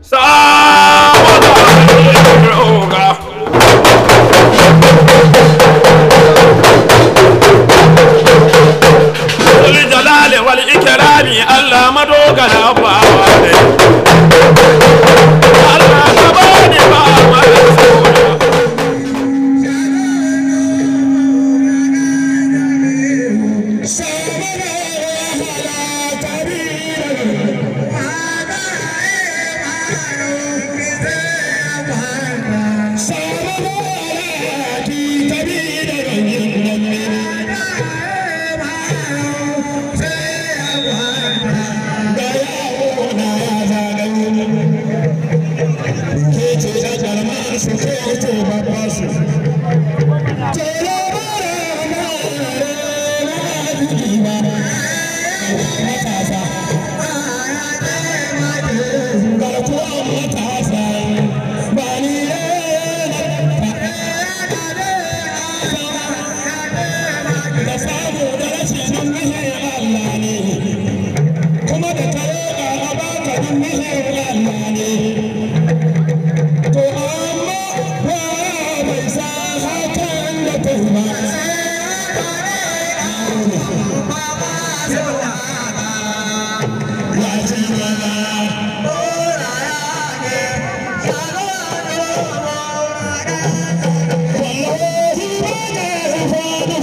杀！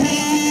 Amen.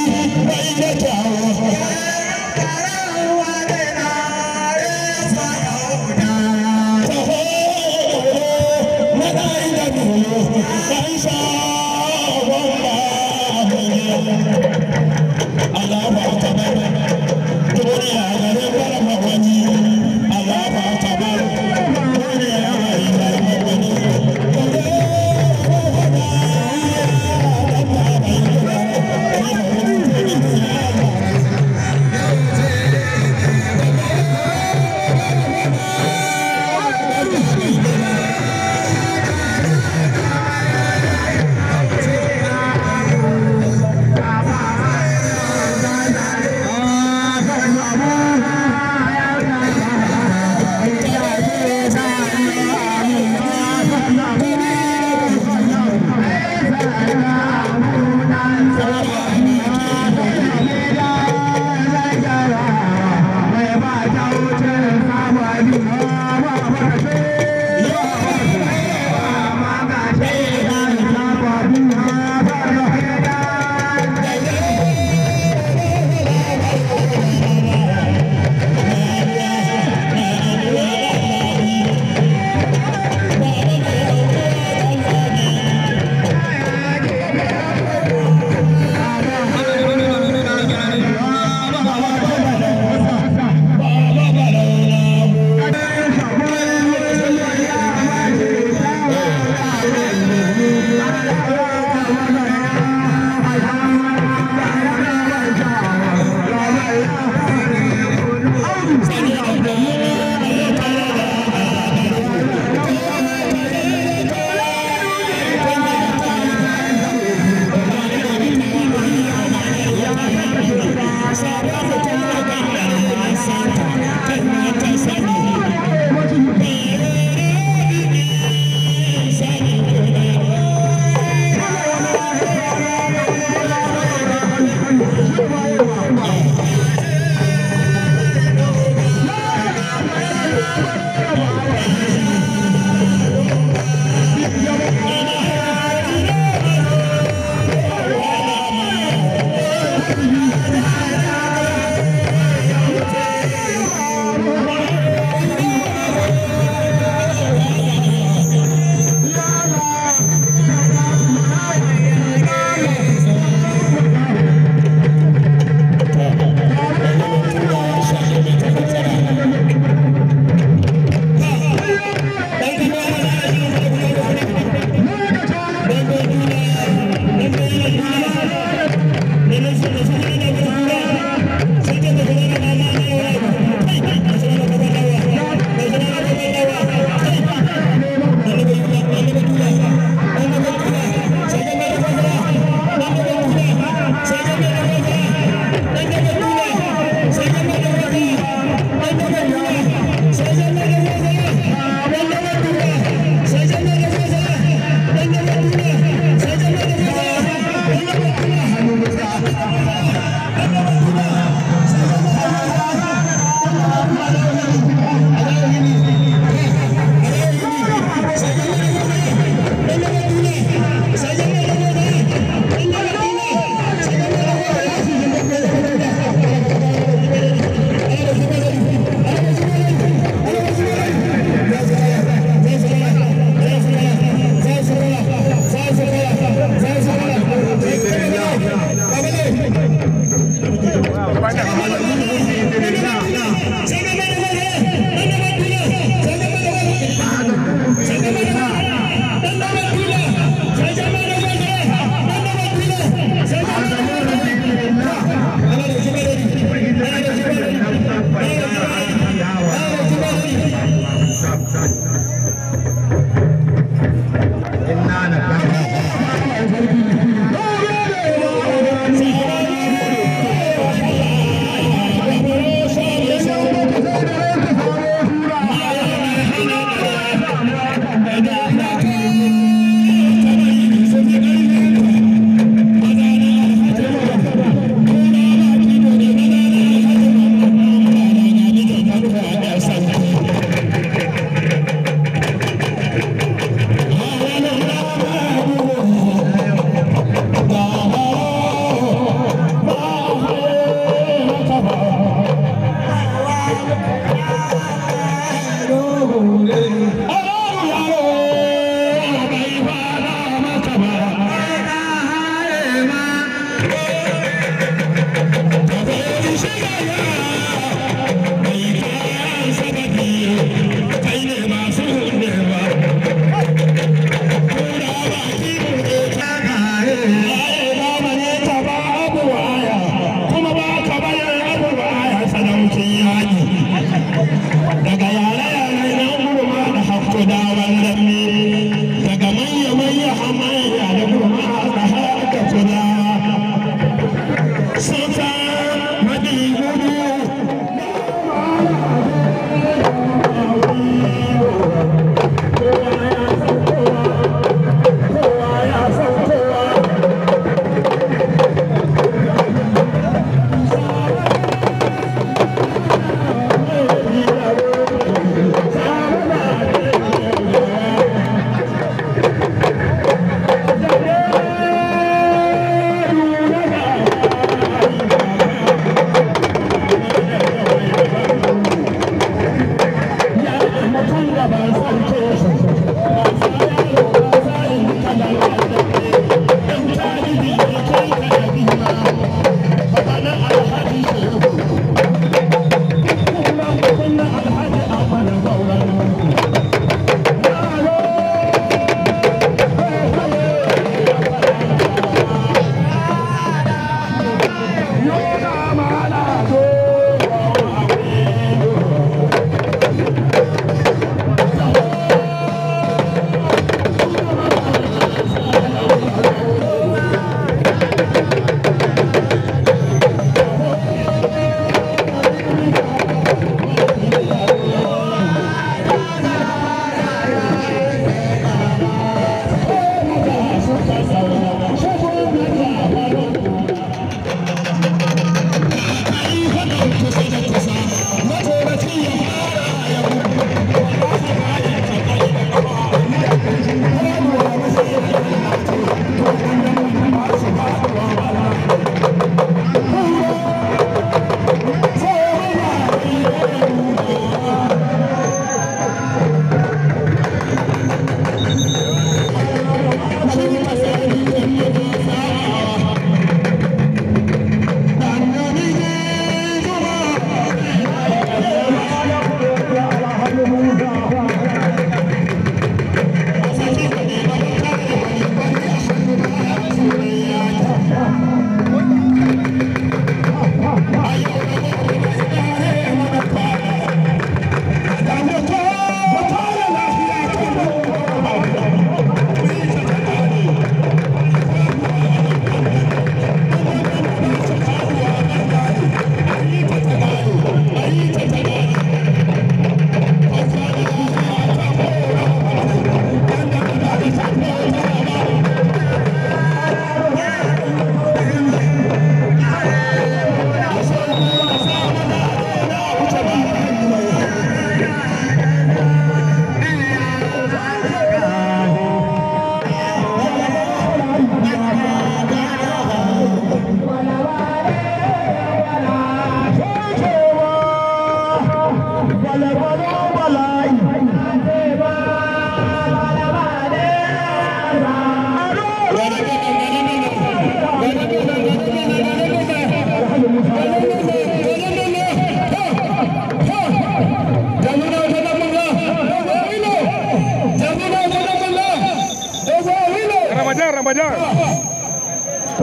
kan ramadan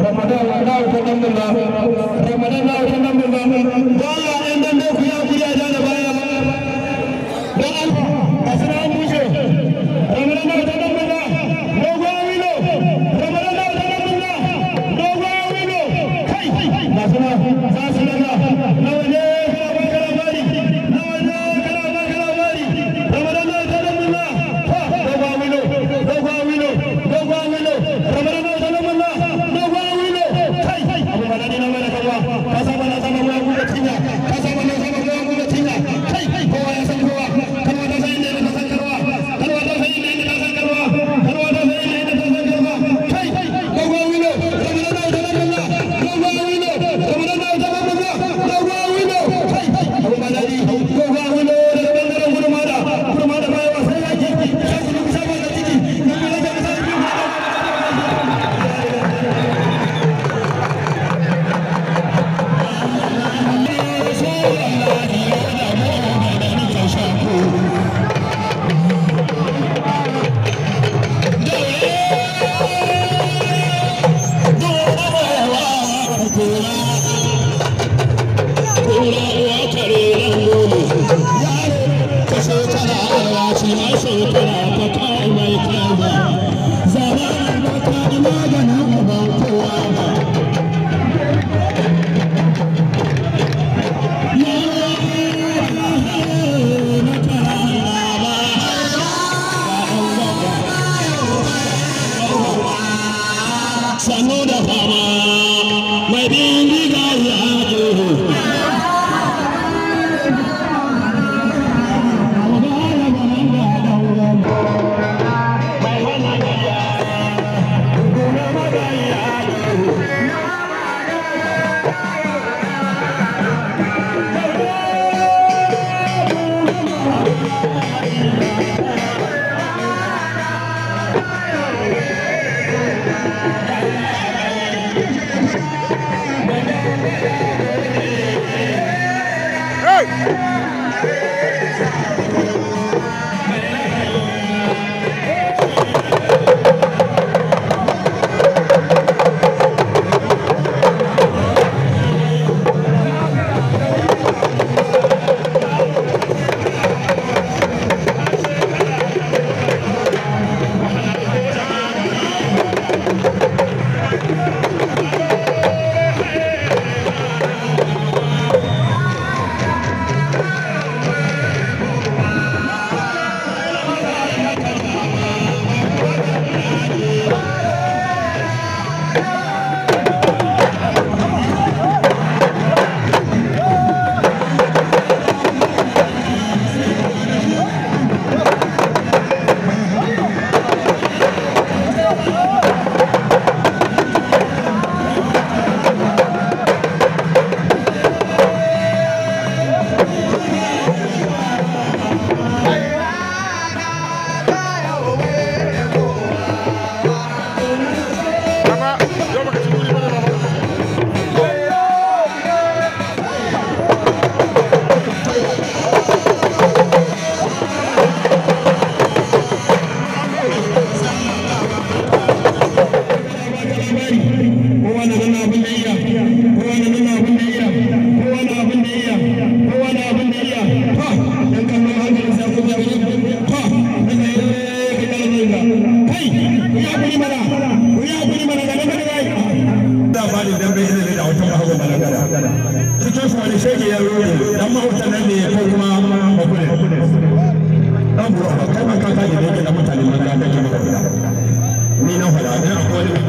ramadan na wuce nan bin ramadan na wuce nan bin ramadan da Allah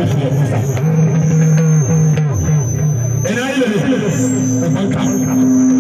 da shi ya ina ilimi ubanka